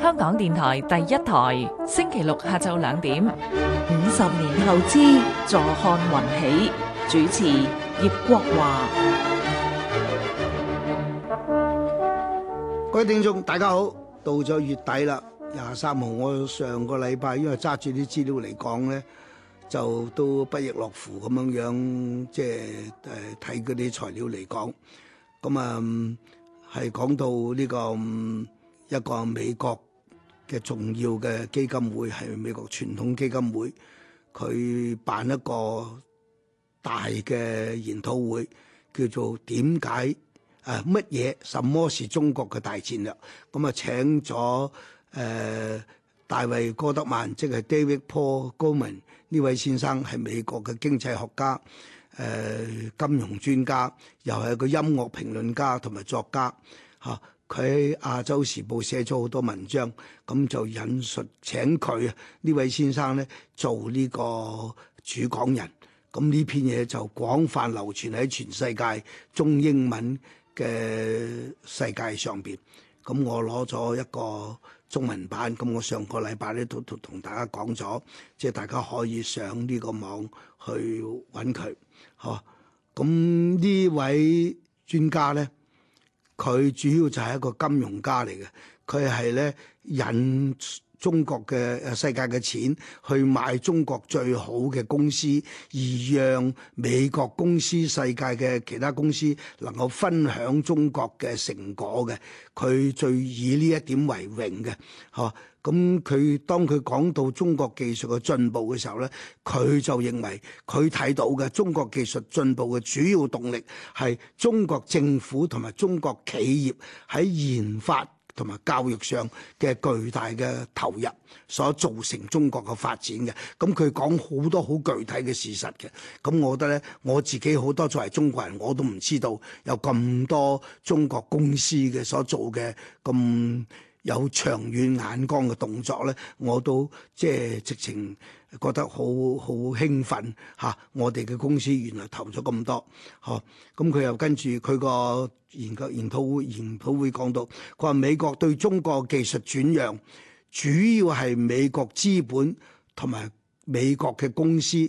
香港電台第一台，星期六下晝兩點。五十年後之，坐看雲起。主持葉國華。各位聽眾，大家好。到咗月底啦，廿三號，我上個禮拜因為揸住啲資料嚟講呢就都不亦樂乎咁樣樣，即係誒睇嗰啲材料嚟講。咁啊，係、嗯、講到呢、這個一個美國嘅重要嘅基金會，係美國傳統基金會，佢辦一個大嘅研討會，叫做點解啊乜嘢什,什麼是中國嘅大戰略？咁、嗯、啊請咗誒、呃、大衛哥德曼，即係 David Paul Goldman 呢位先生，係美國嘅經濟學家。誒金融專家，又係個音樂評論家同埋作家，嚇佢喺《亞洲時報》寫咗好多文章，咁就引述請佢呢位先生咧做呢個主講人，咁呢篇嘢就廣泛流傳喺全世界中英文嘅世界上邊。咁我攞咗一個中文版，咁我上個禮拜咧都同，同大家講咗，即係大家可以上呢個網去揾佢。吓！咁呢位專家咧，佢主要就係一個金融家嚟嘅，佢係咧引。中國嘅世界嘅錢去買中國最好嘅公司，而讓美國公司世界嘅其他公司能夠分享中國嘅成果嘅，佢最以呢一點為榮嘅。吓，咁佢當佢講到中國技術嘅進步嘅時候咧，佢就認為佢睇到嘅中國技術進步嘅主要動力係中國政府同埋中國企業喺研發。同埋教育上嘅巨大嘅投入，所造成中國嘅發展嘅，咁佢講好多好具體嘅事實嘅，咁、嗯、我覺得咧，我自己好多作為中國人我都唔知道有咁多中國公司嘅所做嘅咁。有長遠眼光嘅動作咧，我都即係直情覺得好好興奮吓、啊！我哋嘅公司原來投咗咁多，呵咁佢又跟住佢個研究研討會，研討會講到，佢話美國對中國技術轉讓主要係美國資本同埋美國嘅公司，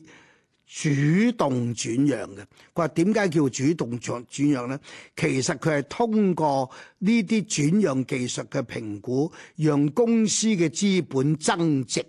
主動轉讓嘅，佢話點解叫主動轉轉讓呢？其實佢係通過呢啲轉讓技術嘅評估，讓公司嘅資本增值，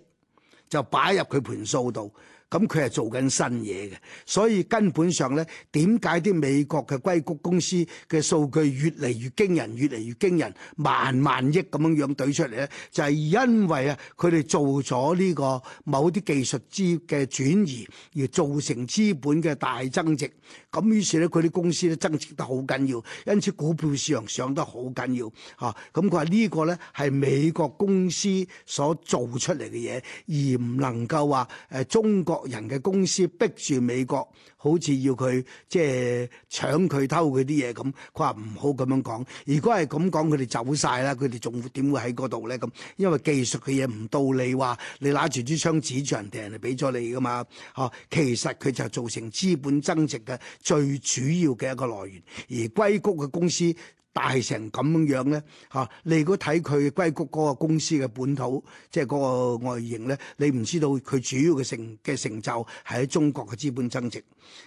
就擺入佢盤數度。咁佢係做緊新嘢嘅，所以根本上咧，點解啲美國嘅硅谷公司嘅數據越嚟越驚人，越嚟越驚人，萬萬億咁樣樣懟出嚟咧，就係因為啊，佢哋做咗呢個某啲技術資嘅轉移，而造成資本嘅大增值。咁於是咧，佢啲公司咧增值得好緊要，因此股票市場上得好緊要。嚇，咁佢話呢個咧係美國公司所做出嚟嘅嘢，而唔能夠話誒中國國人嘅公司逼住美國，好似要佢即係搶佢偷佢啲嘢咁，佢話唔好咁樣講。如果係咁講，佢哋走晒啦，佢哋仲點會喺嗰度咧？咁因為技術嘅嘢唔到你話，你拿住支槍指住人哋，人哋俾咗你噶嘛。吓，其實佢就造成資本增值嘅最主要嘅一個來源，而硅谷嘅公司。大成，咁樣咧嚇、啊，你如果睇佢硅谷嗰個公司嘅本土，即係嗰個外形咧，你唔知道佢主要嘅成嘅成就係喺中國嘅資本增值。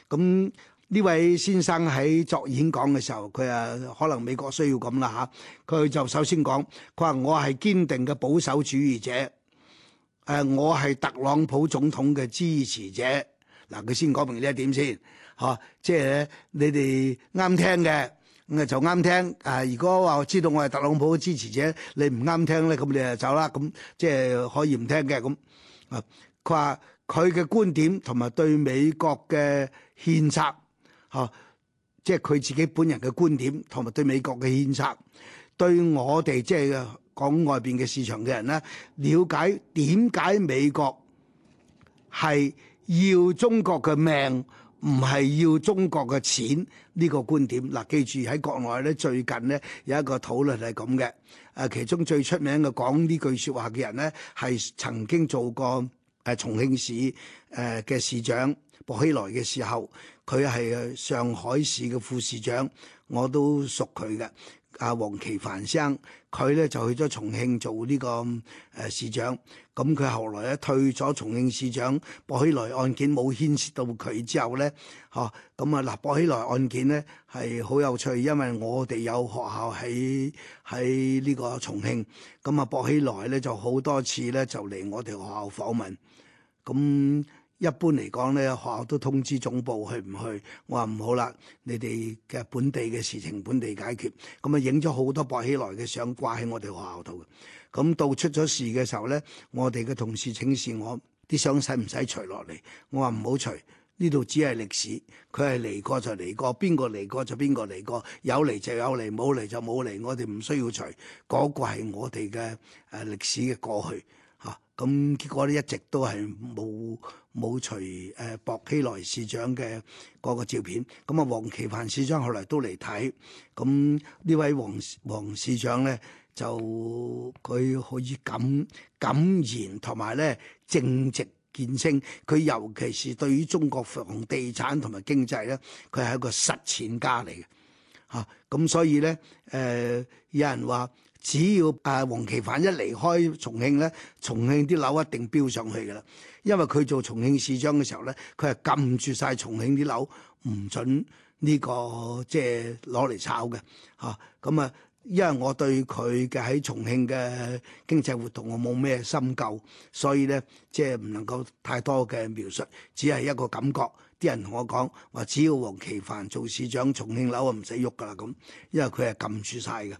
咁、嗯、呢位先生喺作演講嘅時候，佢啊可能美國需要咁啦嚇，佢、啊、就首先講，佢話我係堅定嘅保守主義者，誒、呃，我係特朗普總統嘅支持者。嗱、呃，佢先講明呢一點先嚇、啊，即係你哋啱聽嘅。咁啊就啱聽，啊如果話我知道我係特朗普嘅支持者，你唔啱聽咧，咁你就走啦，咁即係可以唔聽嘅咁。啊，佢話佢嘅觀點同埋對美國嘅獻策，嚇，即係佢自己本人嘅觀點同埋對美國嘅獻策，對我哋即係講外邊嘅市場嘅人咧，了解點解美國係要中國嘅命。唔係要中國嘅錢呢個觀點。嗱，記住喺國外，咧，最近咧有一個討論係咁嘅。誒，其中最出名嘅講呢句説話嘅人咧，係曾經做過誒重慶市誒嘅市長薄熙來嘅時候，佢係上海市嘅副市長，我都熟佢嘅。阿黃奇帆生，佢咧就去咗重慶做呢、這個誒、呃、市長，咁佢後來咧退咗重慶市長，薄熙來案件冇牽涉到佢之後咧，嚇咁啊！嗱、嗯，薄熙來案件咧係好有趣，因為我哋有學校喺喺呢個重慶，咁、嗯、啊薄熙來咧就好多次咧就嚟我哋學校訪問，咁、嗯。一般嚟講咧，學校都通知總部去唔去。我話唔好啦，你哋嘅本地嘅事情本地解決。咁啊，影咗好多薄熙來嘅相掛喺我哋學校度。咁到出咗事嘅時候咧，我哋嘅同事請示我啲相使唔使除落嚟？我話唔好除，呢度只係歷史，佢係嚟過就嚟過，邊個嚟過就邊個嚟過，有嚟就有嚟，冇嚟就冇嚟，我哋唔需要除。嗰、那個係我哋嘅誒歷史嘅過去嚇。咁結果咧一直都係冇。冇除誒薄熙來市長嘅嗰個照片，咁啊黃奇帆市長後來都嚟睇，咁呢位黃黃市長咧就佢可以敢敢言呢，同埋咧正直見稱，佢尤其是對於中國房地產同埋經濟咧，佢係一個實踐家嚟嘅嚇，咁、啊、所以咧誒、呃、有人話。只要誒黃奇帆一離開重慶咧，重慶啲樓一定飆上去噶啦，因為佢做重慶市長嘅時候咧，佢係撳住晒重慶啲樓唔准呢、呢個即係攞嚟炒嘅嚇。咁啊，因為我對佢嘅喺重慶嘅經濟活動我冇咩深究，所以咧即係唔能夠太多嘅描述，只係一個感覺。啲人同我講話，只要黃奇帆做市長，重慶樓啊唔使喐噶啦咁，因為佢係撳住晒嘅。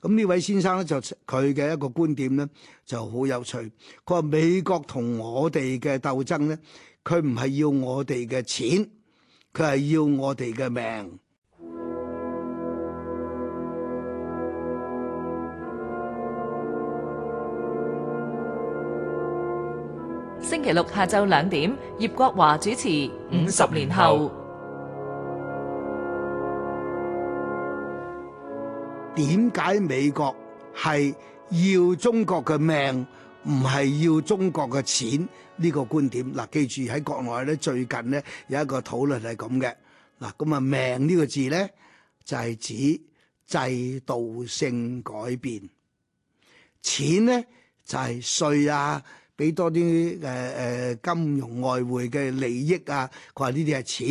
咁呢位先生咧就佢嘅一個觀點咧就好有趣，佢話美國同我哋嘅鬥爭咧，佢唔係要我哋嘅錢，佢係要我哋嘅命。星期六下晝兩點，葉國華主持《五十年後》。點解美國係要中國嘅命，唔係要中國嘅錢？呢個觀點嗱，記住喺國外咧，最近咧有一個討論係咁嘅嗱，咁啊命呢個字咧就係指制度性改變，錢咧就係稅啊，俾多啲誒誒金融外匯嘅利益啊，佢話呢啲係錢，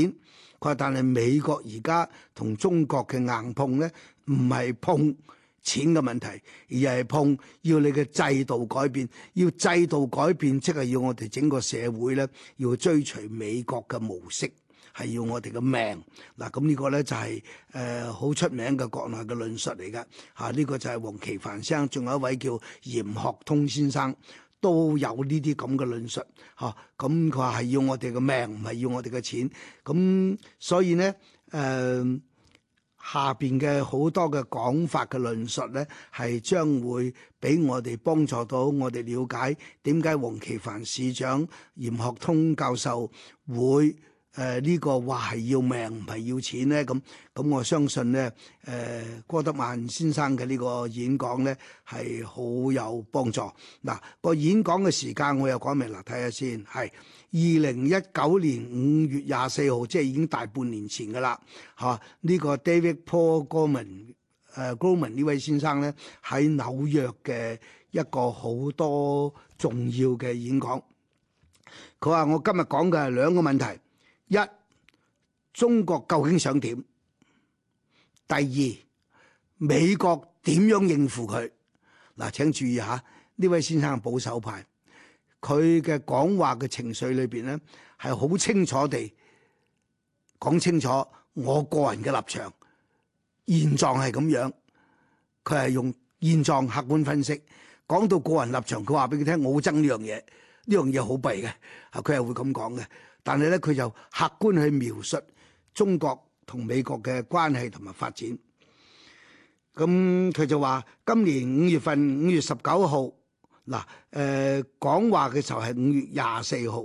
佢話但係美國而家同中國嘅硬碰咧。唔係碰錢嘅問題，而係碰要你嘅制度改變，要制度改變即係要我哋整個社會咧要追隨美國嘅模式，係要我哋嘅命嗱。咁呢個咧就係誒好出名嘅國內嘅論述嚟噶嚇。呢個就係黃奇帆先生，仲有一位叫嚴學通先生都有呢啲咁嘅論述嚇。咁佢話係要我哋嘅命，唔係要我哋嘅錢。咁所以咧誒。呃下邊嘅好多嘅講法嘅論述咧，係將會俾我哋幫助到我哋了解點解黃奇帆市長、嚴學通教授會誒呢、呃呢個話係要命唔係要錢咧？咁咁我相信咧誒、呃、郭德曼先生嘅呢個演講咧係好有幫助。嗱個演講嘅時間我又講明啦，睇下先係。二零一九年五月廿四號，即係已經大半年前噶啦，吓、啊、呢、這個 David Paul Gorman，誒、呃、Gorman 呢位先生咧喺紐約嘅一個好多重要嘅演講，佢話我今日講嘅係兩個問題：一、中國究竟想點？第二，美國點樣應付佢？嗱，請注意吓，呢位先生保守派。佢嘅講話嘅情緒裏邊咧，係好清楚地講清楚我個人嘅立場現狀係咁樣，佢係用現狀客觀分析，講到個人立場，佢話俾佢聽我好憎呢樣嘢，呢樣嘢好弊嘅。啊，佢係會咁講嘅，但係咧，佢就客觀去描述中國同美國嘅關係同埋發展。咁佢就話今年五月份五月十九號。嗱，誒講話嘅時候係五月廿四號，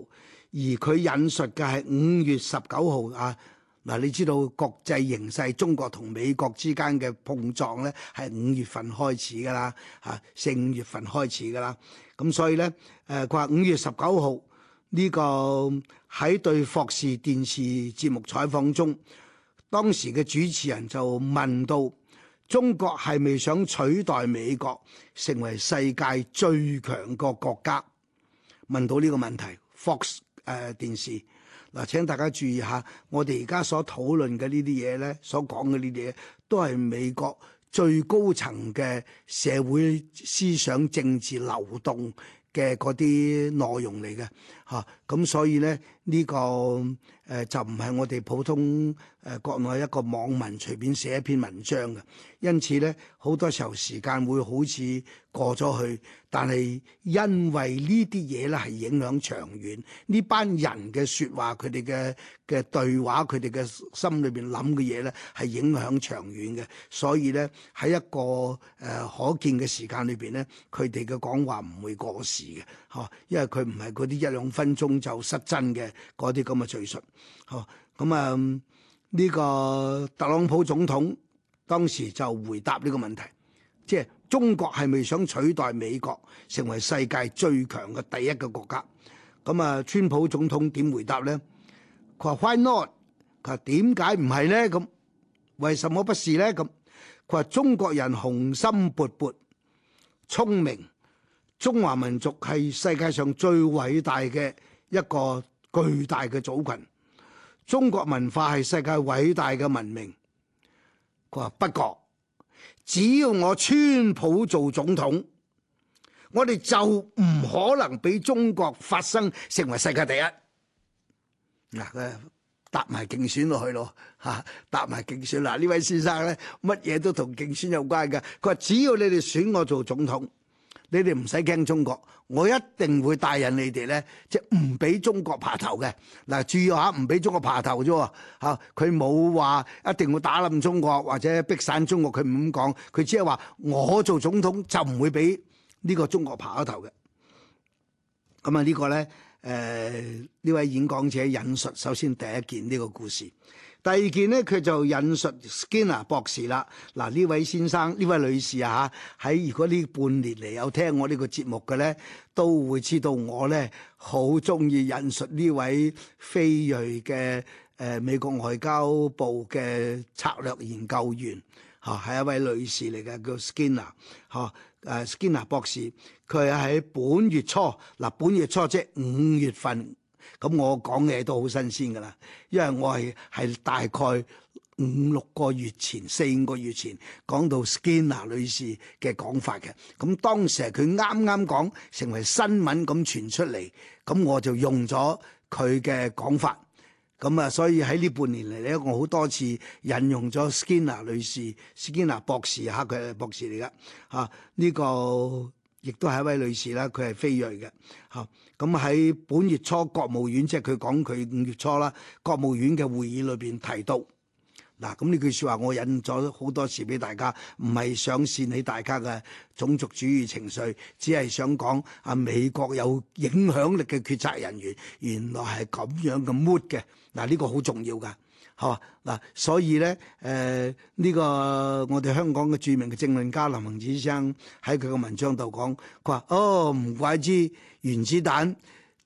而佢引述嘅係五月十九號啊！嗱，你知道國際形勢，中國同美國之間嘅碰撞咧，係五月份開始㗎啦，嚇四五月份開始㗎啦。咁所以咧，誒佢話五月十九號呢個喺對霍士電視節目採訪中，當時嘅主持人就問到。中國係咪想取代美國成為世界最強個國家？問到呢個問題，Fox 誒、呃、電視，嗱，請大家注意下，我哋而家所討論嘅呢啲嘢咧，所講嘅呢啲嘢，都係美國最高層嘅社會思想政治流動嘅嗰啲內容嚟嘅，吓、啊、咁所以咧。呢、這個誒、呃、就唔係我哋普通誒、呃、國內一個網民隨便寫一篇文章嘅，因此咧，好多時候時間會好似過咗去，但係因為呢啲嘢咧係影響長遠，呢班人嘅說話、佢哋嘅嘅對話、佢哋嘅心裏邊諗嘅嘢咧係影響長遠嘅，所以咧喺一個誒、呃、可見嘅時間裏邊咧，佢哋嘅講話唔會過時嘅，吓，因為佢唔係嗰啲一兩分鐘就失真嘅。嗰啲咁嘅敘述，嗬，咁啊呢個特朗普總統當時就回答呢個問題，即係中國係咪想取代美國成為世界最強嘅第一個國家？咁啊，川普總統點回答咧？佢話 Why not？佢話點解唔係咧？咁為什麼不是咧？咁佢話中國人雄心勃勃，聰明，中華民族係世界上最偉大嘅一個。巨大嘅族群，中國文化係世界偉大嘅文明。佢話：，不過只要我川普做總統，我哋就唔可能俾中國發生成為世界第一。嗱，佢搭埋競選落去咯，吓搭埋競選。嗱，呢位先生咧，乜嘢都同競選有關㗎。佢話：，只要你哋選我做總統。你哋唔使驚中國，我一定會帶引你哋咧，即係唔俾中國爬頭嘅。嗱，注意下唔俾中國爬頭啫喎，吓佢冇話一定會打冧中國或者逼散中國，佢唔咁講，佢只係話我做總統就唔會俾呢個中國爬咗頭嘅。咁啊，呢個咧誒呢位演講者引述，首先第一件呢個故事。第二件咧，佢就引述 Skinner 博士啦。嗱，呢位先生、呢位女士啊，喺如果呢半年嚟有聽我呢個節目嘅咧，都會知道我咧好中意引述呢位非裔嘅誒美國外交部嘅策略研究員，吓，係一位女士嚟嘅，叫 Skinner 嚇、啊，誒 Skinner 博士，佢喺本月初嗱，本月初即係五月份。咁我講嘅嘢都好新鮮噶啦，因為我係係大概五六個月前、四五個月前講到 Skinner 女士嘅講法嘅。咁當時係佢啱啱講成為新聞咁傳出嚟，咁我就用咗佢嘅講法。咁啊，所以喺呢半年嚟咧，我好多次引用咗 Skinner 女士、Skinner 博士吓，佢係博士嚟噶嚇。呢、啊呢個亦都係一位女士啦，佢係菲裔嘅嚇。啊。咁喺本月初，國務院即係佢講佢五月初啦，國務院嘅會議裏邊提到，嗱，咁呢句説話我引咗好多事俾大家，唔係想煽起大家嘅種族主義情緒，只係想講啊美國有影響力嘅決策人員原來係咁樣嘅 mood 嘅，嗱，呢個好重要噶。嚇，嗱，所以咧，誒、呃、呢、呢個我哋香港嘅著名嘅政論家林行止先生喺佢嘅文章度講，佢話：哦，唔怪之原子彈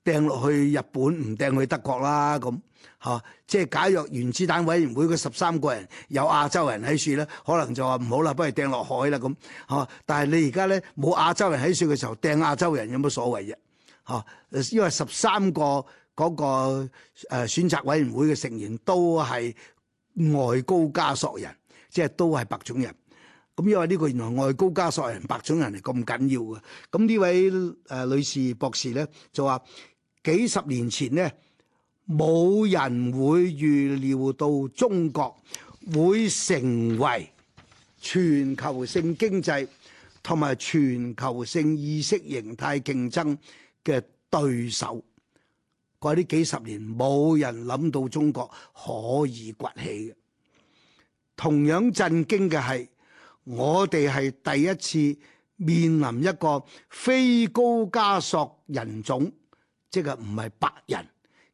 掟落去日本，唔掟去德國啦咁嚇。即係假若原子彈委員會嘅十三個人有亞洲人喺處咧，可能就話唔好啦，不如掟落海啦咁嚇。但係你而家咧冇亞洲人喺處嘅時候，掟亞洲人有乜所謂嘅嚇？因為十三個。嗰個誒選擇委員會嘅成員都係外高加索人，即係都係白種人。咁因為呢個原來外高加索人白種人係咁緊要嘅。咁呢位誒女士博士咧就話：幾十年前咧，冇人會預料到中國會成為全球性經濟同埋全球性意識形態競爭嘅對手。過呢幾十年冇人諗到中國可以崛起嘅，同樣震驚嘅係我哋係第一次面臨一個非高加索人種，即係唔係白人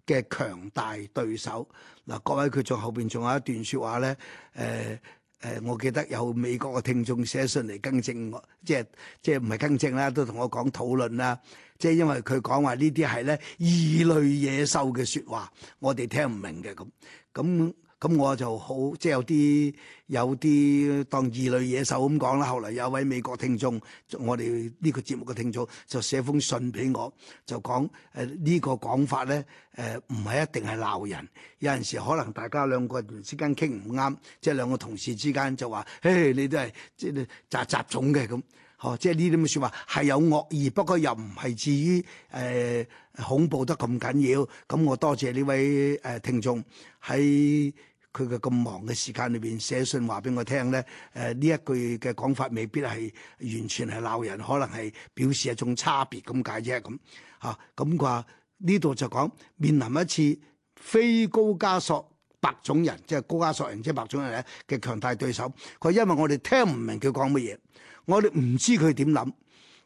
嘅強大對手。嗱，各位，佢仲後邊仲有一段説話咧，誒、呃。誒，我記得有美國嘅聽眾寫信嚟更正，即係即係唔係更正啦，都同我講討論啦，即係因為佢講話呢啲係咧異類野獸嘅説話，我哋聽唔明嘅咁咁。咁我就好，即係有啲有啲當異類野獸咁講啦。後嚟有位美國聽眾，我哋呢個節目嘅聽眾就寫封信俾我，就講誒、呃這個、呢個講法咧誒唔係一定係鬧人，有陣時可能大家兩個人之間傾唔啱，即係兩個同事之間就話誒你都係即你雜雜種嘅咁，哦，即係呢啲咁嘅説話係有惡意，不過又唔係至於誒、呃、恐怖得咁緊要。咁我多謝呢位誒聽眾喺，佢嘅咁忙嘅時間裏邊寫信話俾我聽咧，誒、呃、呢一句嘅講法未必係完全係鬧人，可能係表示一種差別咁解啫咁嚇。咁佢話呢度就講面臨一次非高加索白種人，即係高加索人即係白種人嘅強大對手。佢因為我哋聽唔明佢講乜嘢，我哋唔知佢點諗，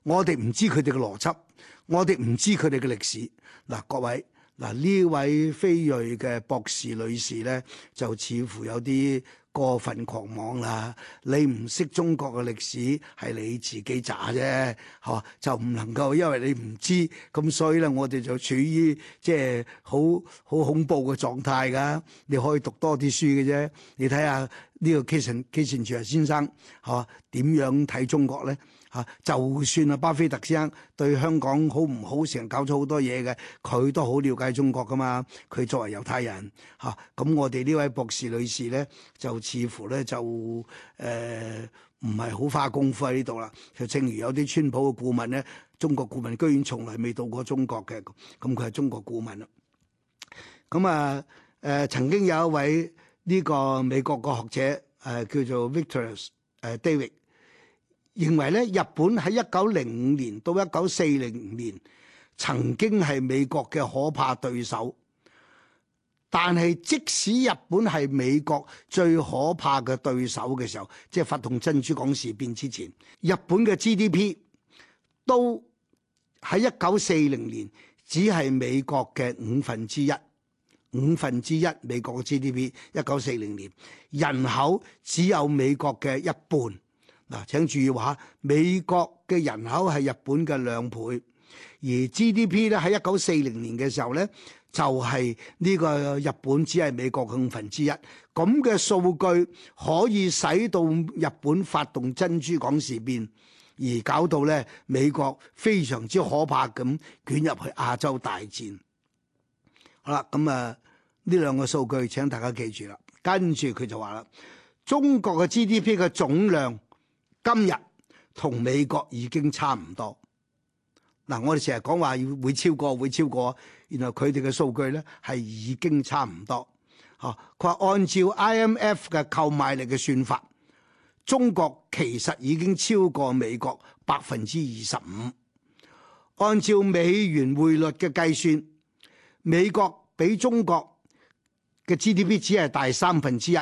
我哋唔知佢哋嘅邏輯，我哋唔知佢哋嘅歷史。嗱，各位。嗱呢位非裔嘅博士女士咧，就似乎有啲過分狂妄啦！你唔識中國嘅歷史係你自己渣啫，吓，就唔能夠因為你唔知，咁所以咧我哋就處於即係好好恐怖嘅狀態㗎。你可以讀多啲書嘅啫，你睇下呢個基辛格，基辛格先生吓，點樣睇中國咧？嚇，就算阿巴菲特先生對香港好唔好，成日搞咗好多嘢嘅，佢都好了解中國噶嘛。佢作為猶太人嚇，咁、啊、我哋呢位博士女士咧，就似乎咧就誒唔係好花功夫喺呢度啦。就正如有啲川普嘅顧問咧，中國顧問居然從來未到過中國嘅，咁佢係中國顧問啦。咁啊誒、呃，曾經有一位呢個美國個學者誒、呃、叫做 Victor、呃、David。認為咧，日本喺一九零五年到一九四零年曾經係美國嘅可怕對手，但係即使日本係美國最可怕嘅對手嘅時候，即係發動珍珠港事變之前，日本嘅 GDP 都喺一九四零年只係美國嘅五分之一，五分之一美國嘅 GDP，一九四零年人口只有美國嘅一半。嗱，請注意話美國嘅人口係日本嘅兩倍，而 GDP 咧喺一九四零年嘅時候咧，就係呢個日本只係美國嘅五分之一。咁嘅數據可以使到日本發動珍珠港事變，而搞到咧美國非常之可怕咁捲入去亞洲大戰。好啦，咁啊呢兩個數據請大家記住啦。跟住佢就話啦，中國嘅 GDP 嘅總量。今日同美國已經差唔多，嗱、啊、我哋成日講話要會超過，會超過，然後佢哋嘅數據呢係已經差唔多，吓佢話按照 IMF 嘅購買力嘅算法，中國其實已經超過美國百分之二十五，按照美元匯率嘅計算，美國比中國嘅 GDP 只係大三分之一，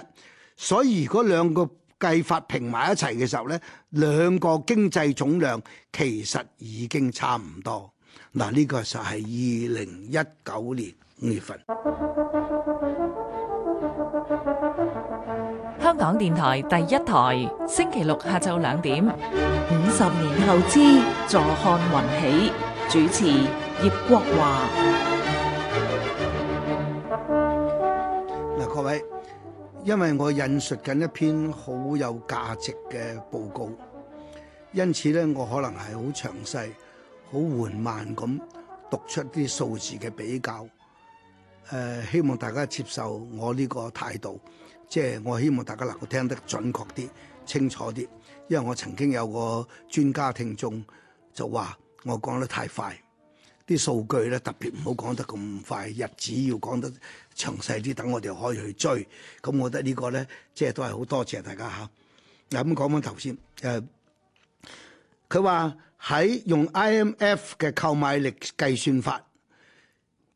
所以如果兩個計法平埋一齊嘅時候咧，兩個經濟總量其實已經差唔多。嗱，呢個就係二零一九年五月份。香港電台第一台，星期六下晝兩點，五十年後之，坐看雲起，主持葉國華。因為我引述緊一篇好有價值嘅報告，因此咧我可能係好詳細、好緩慢咁讀出啲數字嘅比較。誒、呃，希望大家接受我呢個態度，即係我希望大家能夠聽得準確啲、清楚啲。因為我曾經有個專家聽眾就話我講得太快，啲數據咧特別唔好講得咁快，日子要講得。詳細啲等我哋可以去追，咁我覺得呢個呢，即係都係好多謝大家嗱，咁、啊、講翻頭先，誒、呃，佢話喺用 IMF 嘅購買力計算法，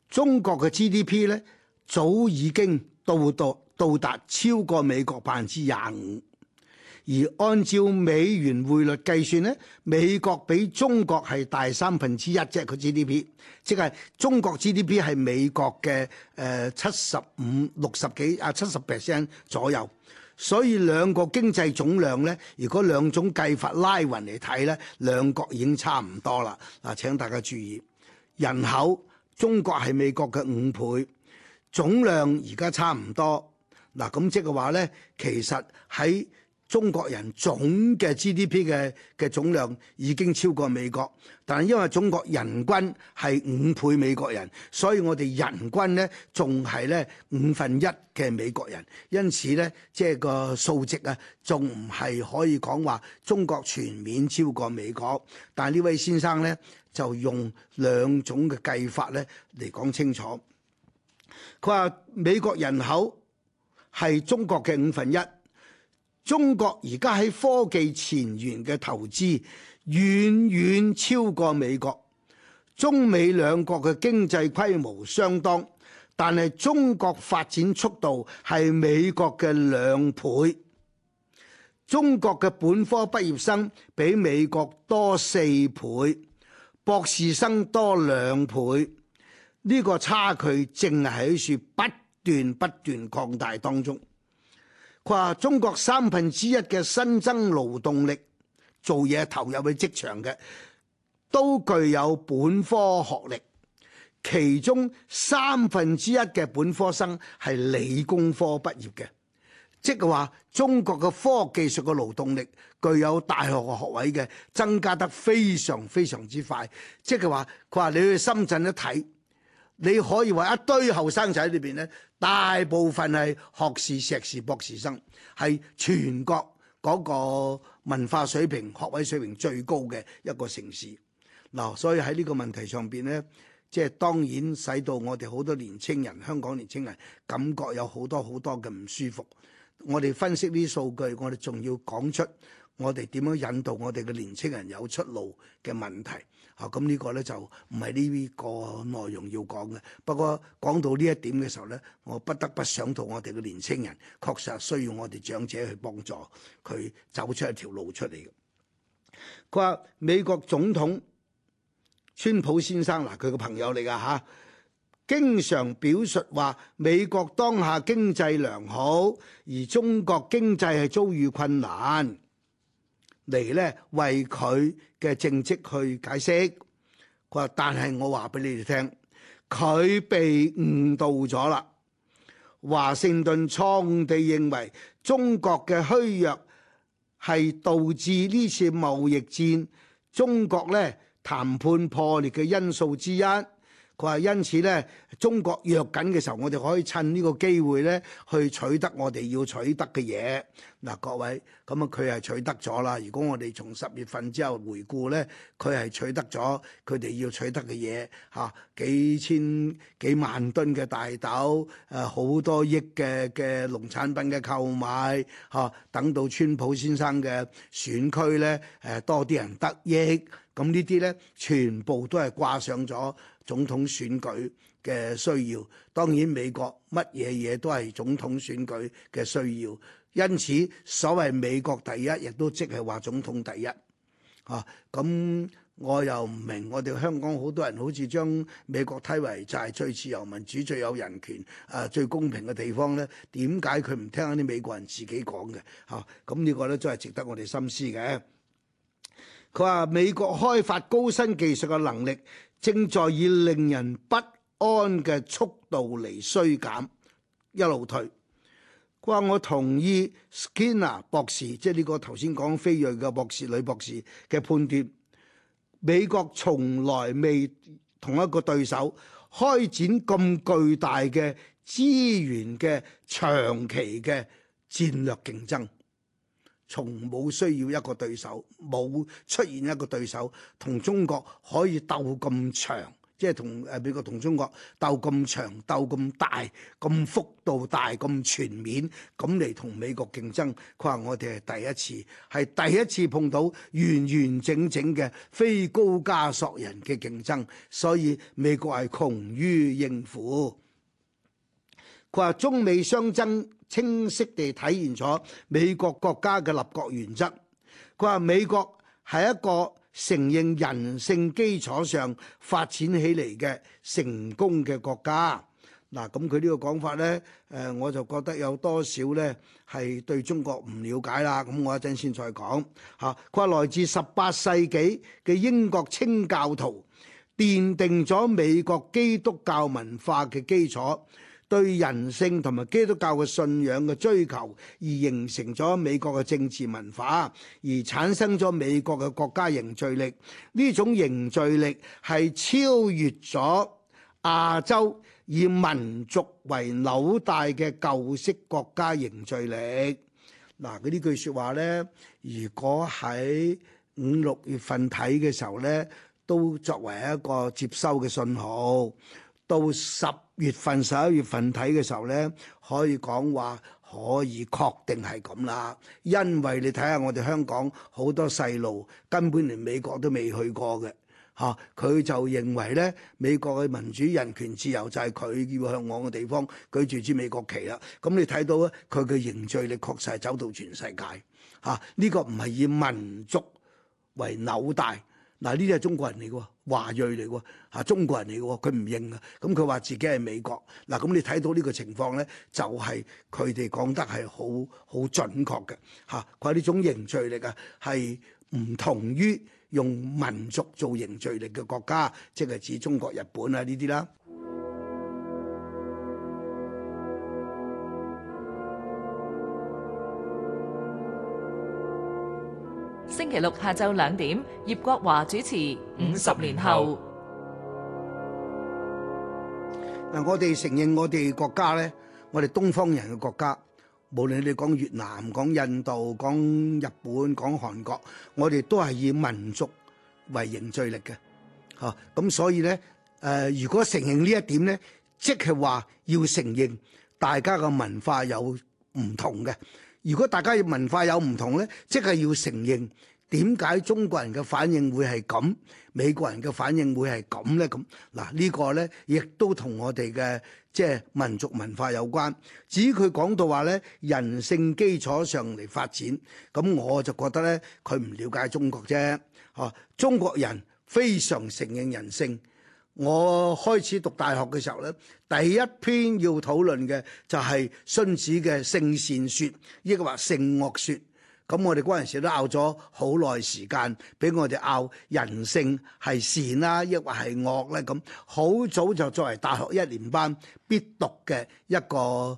中國嘅 GDP 呢，早已經到到到達超過美國百分之廿五。而按照美元匯率計算咧，美國比中國係大三分之一啫。佢、就是、G D P 即係中國 G D P 係美國嘅誒七十五六十幾啊七十 percent 左右，所以兩個經濟總量咧，如果兩種計法拉勻嚟睇咧，兩國已經差唔多啦。嗱，請大家注意人口，中國係美國嘅五倍，總量而家差唔多嗱。咁即係話咧，其實喺中國人總嘅 GDP 嘅嘅總量已經超過美國，但係因為中國人均係五倍美國人，所以我哋人均咧仲係咧五分一嘅美國人，因此咧即係個數值啊，仲唔係可以講話中國全面超過美國，但係呢位先生咧就用兩種嘅計法咧嚟講清楚，佢話美國人口係中國嘅五分一。中國而家喺科技前沿嘅投資遠，遠遠超過美國。中美兩國嘅經濟規模相當，但係中國發展速度係美國嘅兩倍。中國嘅本科畢業生比美國多四倍，博士生多兩倍。呢、這個差距正係喺處不斷不斷擴大當中。佢話中國三分之一嘅新增勞動力做嘢投入去職場嘅，都具有本科學歷，其中三分之一嘅本科生係理工科畢業嘅，即係話中國嘅科技術嘅勞動力具有大學嘅學位嘅，增加得非常非常之快，即係話佢話你去深圳一睇，你可以話一堆後生仔裏邊咧，大部分係學士、碩士、博士生，係全國嗰個文化水平、學位水平最高嘅一個城市，嗱，所以喺呢個問題上邊咧，即係當然使到我哋好多年青人、香港年青人感覺有好多好多嘅唔舒服。我哋分析呢啲數據，我哋仲要講出我哋點樣引導我哋嘅年青人有出路嘅問題。啊，咁呢個呢，就唔係呢個內容要講嘅。不過講到呢一點嘅時候呢，我不得不想到我哋嘅年青人，確實需要我哋長者去幫助佢走出一條路出嚟。佢話美國總統川普先生嗱，佢個朋友嚟㗎嚇，經常表述話美國當下經濟良好，而中國經濟係遭遇困難，嚟咧，為佢嘅政績去解釋。佢話，但係我話俾你哋聽，佢被誤導咗啦。華盛頓錯誤地認為中國嘅虛弱係導致呢次貿易戰中國咧談判破裂嘅因素之一。佢話因此咧，中國弱緊嘅時候，我哋可以趁呢個機會咧，去取得我哋要取得嘅嘢。嗱、啊，各位，咁啊，佢係取得咗啦。如果我哋從十月份之後回顧咧，佢係取得咗佢哋要取得嘅嘢嚇，幾千幾萬噸嘅大豆，誒、啊、好多億嘅嘅農產品嘅購買嚇、啊，等到川普先生嘅選區咧，誒、啊、多啲人得益。咁、啊、呢啲咧，全部都係掛上咗。總統選舉嘅需要，當然美國乜嘢嘢都係總統選舉嘅需要，因此所謂美國第一，亦都即係話總統第一。嚇、啊、咁我又唔明，我哋香港好多人好似將美國推為就係最自由、民主、最有人權、誒、啊、最公平嘅地方咧，點解佢唔聽啲美國人自己講嘅？嚇、啊、咁呢個咧都係值得我哋深思嘅。佢話美國開發高新技術嘅能力。正在以令人不安嘅速度嚟衰減，一路退。佢話我同意 Skinner 博士，即係呢個頭先講非裔嘅博士、女博士嘅判斷。美國從來未同一個對手開展咁巨大嘅資源嘅長期嘅戰略競爭。從冇需要一個對手，冇出現一個對手同中國可以鬥咁長，即係同誒美國同中國鬥咁長、鬥咁大、咁幅度大、咁全面咁嚟同美國競爭。佢話我哋係第一次，係第一次碰到完完整整嘅非高加索人嘅競爭，所以美國係窮於應付。佢話中美相爭。清晰地體現咗美國國家嘅立國原則。佢話美國係一個承認人性基礎上發展起嚟嘅成功嘅國家。嗱，咁佢呢個講法呢，誒我就覺得有多少呢係對中國唔了解啦。咁我一陣先再講吓。佢話來自十八世紀嘅英國清教徒奠定咗美國基督教文化嘅基礎。對人性同埋基督教嘅信仰嘅追求，而形成咗美國嘅政治文化，而產生咗美國嘅國家凝聚力。呢種凝聚力係超越咗亞洲以民族為紐帶嘅舊式國家凝聚力。嗱，佢呢句説話呢，如果喺五六月份睇嘅時候呢，都作為一個接收嘅信號，到十月份十一月份睇嘅時候咧，可以講話可以確定係咁啦，因為你睇下我哋香港好多細路根本連美國都未去過嘅，吓，佢就認為咧，美國嘅民主、人權、自由就係佢要向往嘅地方，舉住支美國旗啦。咁你睇到咧，佢嘅凝聚力確實係走到全世界，吓，呢個唔係以民族為紐帶。嗱，呢啲係中國人嚟嘅，華裔嚟嘅嚇，中國人嚟嘅，佢唔認啊，咁佢話自己係美國。嗱，咁你睇到呢個情況咧，就係佢哋講得係好好準確嘅嚇。佢話呢種凝聚力啊，係唔同於用民族做凝聚力嘅國家，即係指中國、日本啊呢啲啦。星期六下晝兩點，葉國華主持。五十年後，嗱，我哋承認我哋國家咧，我哋東方人嘅國家，無論你講越南、講印度、講日本、講韓國，我哋都係以民族為凝聚力嘅。吓，咁所以咧，誒，如果承認呢一點咧，即係話要承認大家嘅文化有唔同嘅。如果大家嘅文化有唔同咧，即係要承認。點解中國人嘅反應會係咁？美國人嘅反應會係咁呢？咁嗱呢個呢，亦都同我哋嘅即係民族文化有關。至於佢講到話呢，人性基礎上嚟發展，咁我就覺得呢，佢唔了解中國啫。嚇，中國人非常承認人性。我開始讀大學嘅時候呢，第一篇要討論嘅就係荀子嘅性善説，亦或性惡説。咁我哋嗰陣時都拗咗好耐時間，俾我哋拗人性係善啦、啊，抑或係惡呢、啊？咁好早就作為大學一年班必讀嘅一個誒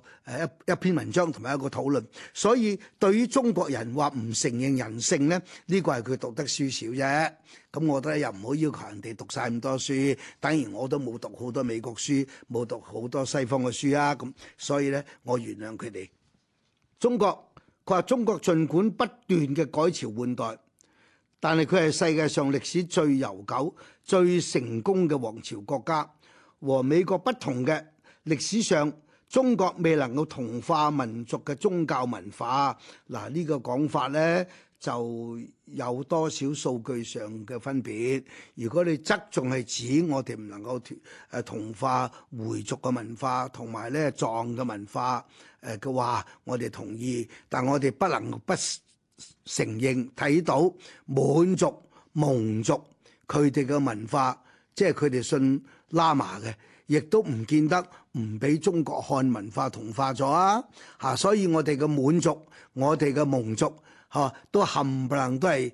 一,一篇文章同埋一個討論。所以對於中國人話唔承認人性呢，呢、呢個係佢讀得書少啫。咁我覺得又唔好要，要求人哋讀晒咁多書。當然我都冇讀好多美國書，冇讀好多西方嘅書啊。咁所以呢，我原諒佢哋中國。佢話：中國儘管不斷嘅改朝換代，但係佢係世界上歷史最悠久、最成功嘅皇朝國家。和美國不同嘅，歷史上中國未能夠同化民族嘅宗教文化。嗱，呢個講法呢。就有多少數據上嘅分別？如果你側重係指我哋唔能夠誒同化回族嘅文化同埋咧藏嘅文化誒嘅話，我哋同意，但我哋不能不承認睇到滿族、蒙族佢哋嘅文化，即係佢哋信喇嘛嘅，亦都唔見得唔俾中國漢文化同化咗啊！嚇，所以我哋嘅滿族，我哋嘅蒙族。嚇都冚唪唥都係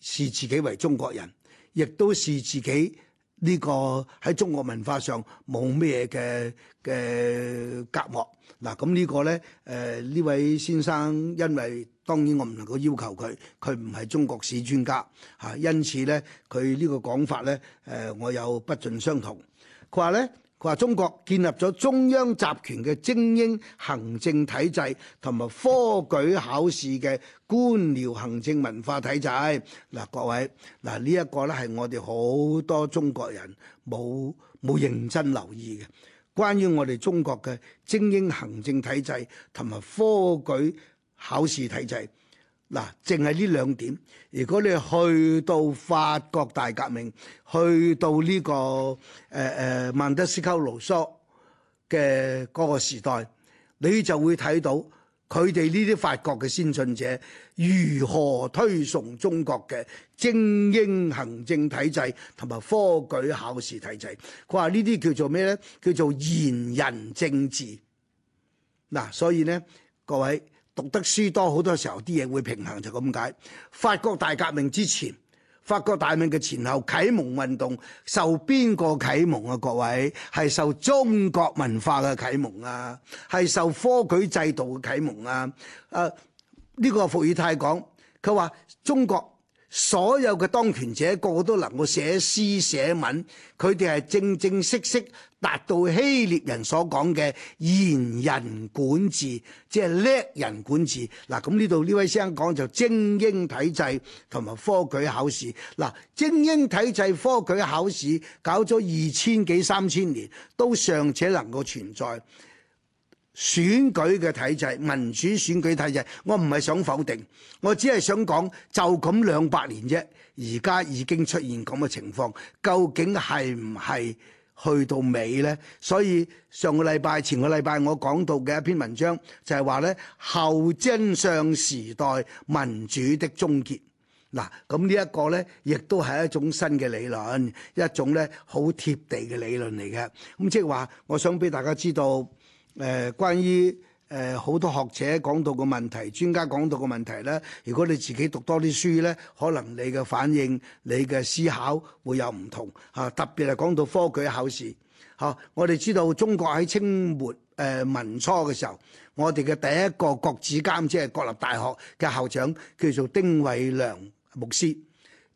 視自己為中國人，亦都視自己呢個喺中國文化上冇咩嘅嘅隔膜。嗱咁呢個咧，誒、呃、呢位先生因為當然我唔能夠要求佢，佢唔係中國史專家嚇、啊，因此咧佢呢個講法咧，誒、呃、我有不盡相同。佢話咧。佢話中國建立咗中央集權嘅精英行政體制，同埋科舉考試嘅官僚行政文化體制。嗱，各位，嗱，呢一個咧係我哋好多中國人冇冇認真留意嘅，關於我哋中國嘅精英行政體制，同埋科舉考試體制。嗱，淨係呢兩點。如果你去到法國大革命，去到呢、這個誒誒孟德斯鳩盧梭嘅嗰個時代，你就會睇到佢哋呢啲法國嘅先進者如何推崇中國嘅精英行政體制同埋科舉考試體制。佢話呢啲叫做咩呢？叫做賢人政治。嗱、啊，所以呢各位。讀得書多，好多時候啲嘢會平衡就咁、是、解。法國大革命之前，法國大革命嘅前後啟蒙運動受邊個啟蒙啊？各位係受中國文化嘅啟蒙啊，係受科舉制度嘅啟蒙啊。誒、啊，呢、這個伏爾泰講，佢話中國。所有嘅當權者個個都能夠寫詩寫文，佢哋係正正式式達到希臘人所講嘅賢人管治，即係叻人管治。嗱，咁呢度呢位先生講就精英體制同埋科舉考試。嗱，精英體制科舉考試搞咗二千幾三千年，都尚且能夠存在。選舉嘅體制，民主選舉體制，我唔係想否定，我只係想講就咁兩百年啫，而家已經出現咁嘅情況，究竟係唔係去到尾呢？所以上個禮拜、前個禮拜我講到嘅一篇文章就係話呢後真相時代民主的終結。嗱，咁呢一個呢，亦都係一種新嘅理論，一種呢好貼地嘅理論嚟嘅。咁即係話，我想俾大家知道。誒，關於誒好多學者講到個問題，專家講到個問題咧。如果你自己讀多啲書咧，可能你嘅反應、你嘅思考會有唔同嚇。特別係講到科舉考試嚇，我哋知道中國喺清末誒民初嘅時候，我哋嘅第一個國子監即係、就是、國立大學嘅校長叫做丁偉良牧師。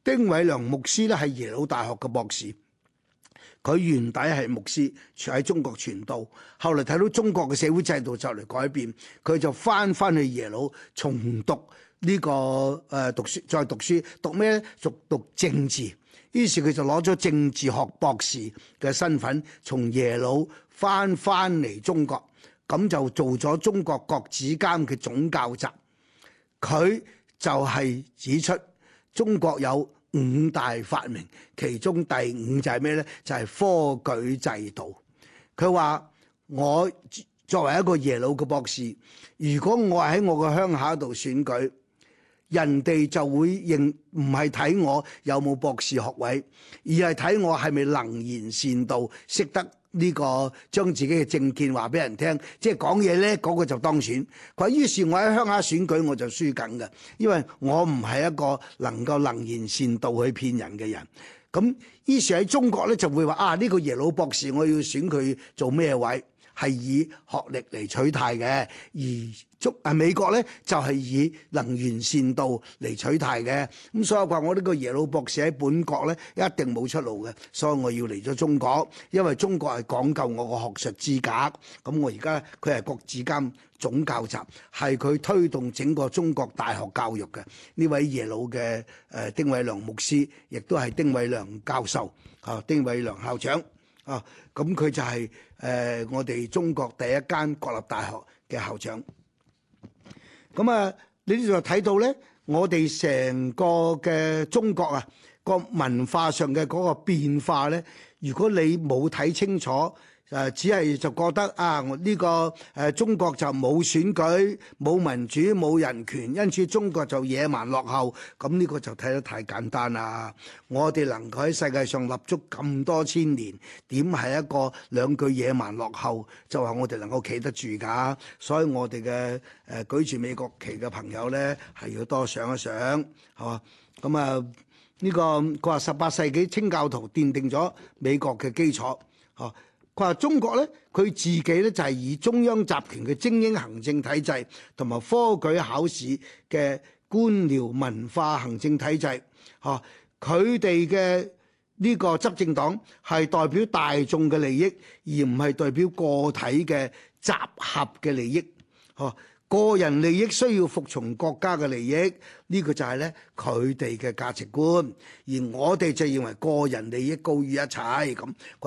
丁偉良牧師咧係耶魯大學嘅博士。佢原底係牧師，喺中國傳道。後嚟睇到中國嘅社會制度就嚟改變，佢就翻翻去耶魯重讀呢、這個誒、呃、讀書，再讀書讀咩？讀讀，讀政治。於是佢就攞咗政治學博士嘅身份，從耶魯翻翻嚟中國，咁就做咗中國國子監嘅總教習。佢就係指出中國有五大發明，其中第五就係咩呢？就係科舉制度。佢話：我作為一個耶魯嘅博士，如果我喺我嘅鄉下度選舉，人哋就會認唔係睇我有冇博士學位，而係睇我係咪能言善道，識得。呢個將自己嘅政見話俾人聽，即係講嘢呢嗰、那個就當選。佢話於是，我喺鄉下選舉我就輸緊嘅，因為我唔係一個能夠能言善道去騙人嘅人。咁於是喺中國呢就會話：啊，呢、這個耶魯博士，我要選佢做咩位？係以學歷嚟取替嘅，而中啊美國咧就係以能源善度嚟取替嘅，咁所以話我呢個耶魯博士喺本國咧一定冇出路嘅，所以我要嚟咗中國，因為中國係講究我個學術資格，咁我而家佢係國子監總教習，係佢推動整個中國大學教育嘅呢位耶魯嘅誒丁偉良牧師，亦都係丁偉良教授啊丁偉良校長。啊，咁佢就係、是、誒、呃、我哋中國第一間國立大學嘅校長。咁啊，你仲睇到咧？我哋成個嘅中國啊，個文化上嘅嗰個變化咧，如果你冇睇清楚。誒只係就覺得啊，呢個誒中國就冇選舉、冇民主、冇人權，因此中國就野蠻落後。咁呢個就睇得太簡單啦！我哋能夠喺世界上立足咁多千年，點係一個兩句野蠻落後就話我哋能夠企得住㗎？所以我哋嘅誒舉住美國旗嘅朋友呢，係要多想一想，係嘛？咁啊，呢個佢話十八世紀清教徒奠定咗美國嘅基礎，哦。佢話中國咧，佢自己咧就係以中央集權嘅精英行政體制，同埋科舉考試嘅官僚文化行政體制，嚇佢哋嘅呢個執政黨係代表大眾嘅利益，而唔係代表個體嘅集合嘅利益，嚇。個人利益需要服從國家嘅利益，呢個就係呢佢哋嘅價值觀，而我哋就認為個人利益高於一切。咁，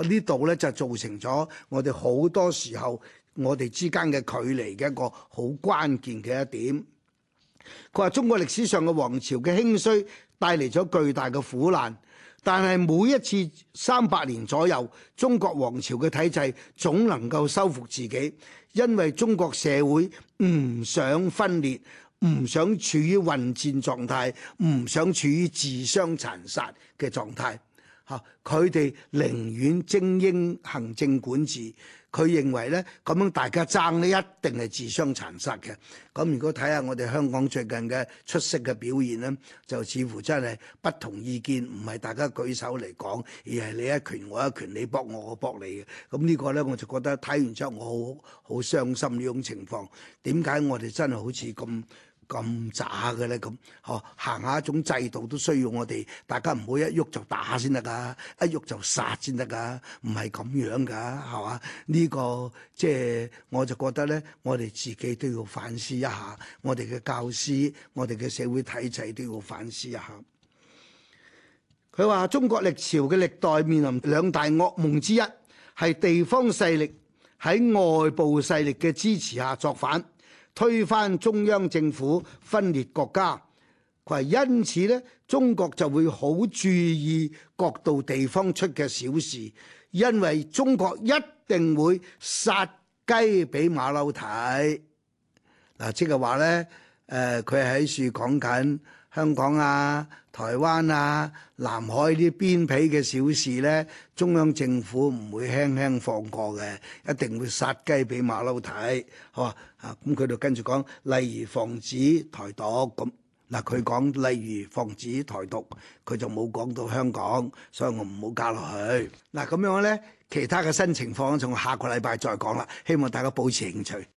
呢度呢就造成咗我哋好多時候我哋之間嘅距離嘅一個好關鍵嘅一點。佢話中國歷史上嘅王朝嘅興衰帶嚟咗巨大嘅苦難，但係每一次三百年左右，中國王朝嘅體制總能夠修復自己。因為中國社會唔想分裂，唔想處於混戰狀態，唔想處於自相殘殺嘅狀態。佢哋寧願精英行政管治，佢認為呢，咁樣大家爭呢，一定係自相殘殺嘅。咁如果睇下我哋香港最近嘅出色嘅表現呢，就似乎真係不同意見唔係大家舉手嚟講，而係你一拳我一拳，你搏我我搏你嘅。咁呢個呢，我就覺得睇完之後我好好傷心呢種情況。點解我哋真係好似咁？咁渣嘅咧，咁哦，行下一種制度都需要我哋大家唔好一喐就打先得噶，一喐就殺先得噶，唔係咁樣噶，係嘛？呢、呢個即係、就是、我就覺得呢，我哋自己都要反思一下，我哋嘅教師，我哋嘅社會體制都要反思一下。佢話 中國歷朝嘅歷代面臨兩大噩夢之一，係地方勢力喺外部勢力嘅支持下作反。推翻中央政府，分裂國家。佢話：因此呢，中國就會好注意各度地方出嘅小事，因為中國一定會殺雞俾馬騮睇。嗱，即係話呢，誒、呃，佢喺書講緊。香港啊，台灣啊，南海啲邊皮嘅小事呢，中央政府唔會輕輕放過嘅，一定會殺雞俾馬騮睇，好啊，咁佢就跟住講，例如防止台獨咁。嗱，佢講例如防止台獨，佢就冇講到香港，所以我唔好加落去。嗱，咁樣呢，其他嘅新情況，從下個禮拜再講啦。希望大家保持興趣。